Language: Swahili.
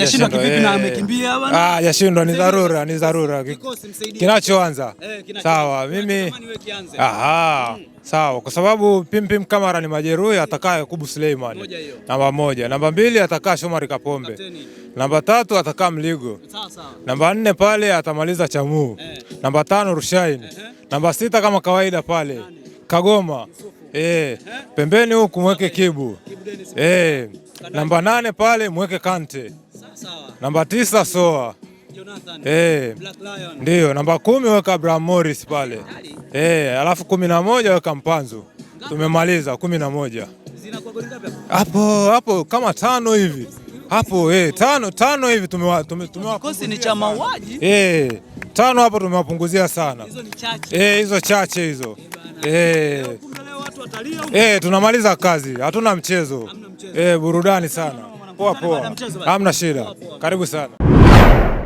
Yashindwa kivipi na amekimbia bwana? Ah, yashindwa ni dharura, ni dharura. Eh, kinachoanza. Sawa, yaani mimi Aha. Sawa, kwa sababu Pimpim Kamara ni majeruhi atakaa Yakubu Suleiman. Namba moja. Namba mbili atakaa Shomari Kapombe. Namba tatu atakaa Mligo. Namba nne pale atamaliza Chamuu. Eh. Namba tano Rushaini. Eh, namba sita kama kawaida pale Kagoma. Eh, pembeni huku mweke Kibu. Eh, namba nane pale mweke Kante namba tisa Soa hey. Eh. Ndio, namba kumi weka Abraham Morris pale hey. Eh, alafu kumi na moja weka Mpanzu. Tumemaliza kumi na moja hapo hapo kama tano hivi hapo eh, tano tano hivi tumewa tumewakosi ni cha mauaji eh, tano hapo tumewapunguzia sana eh, hizo chache hizo eh, eh. tunamaliza kazi, hatuna mchezo eh, burudani sana. Poa poa, hamna shida. Karibu sana.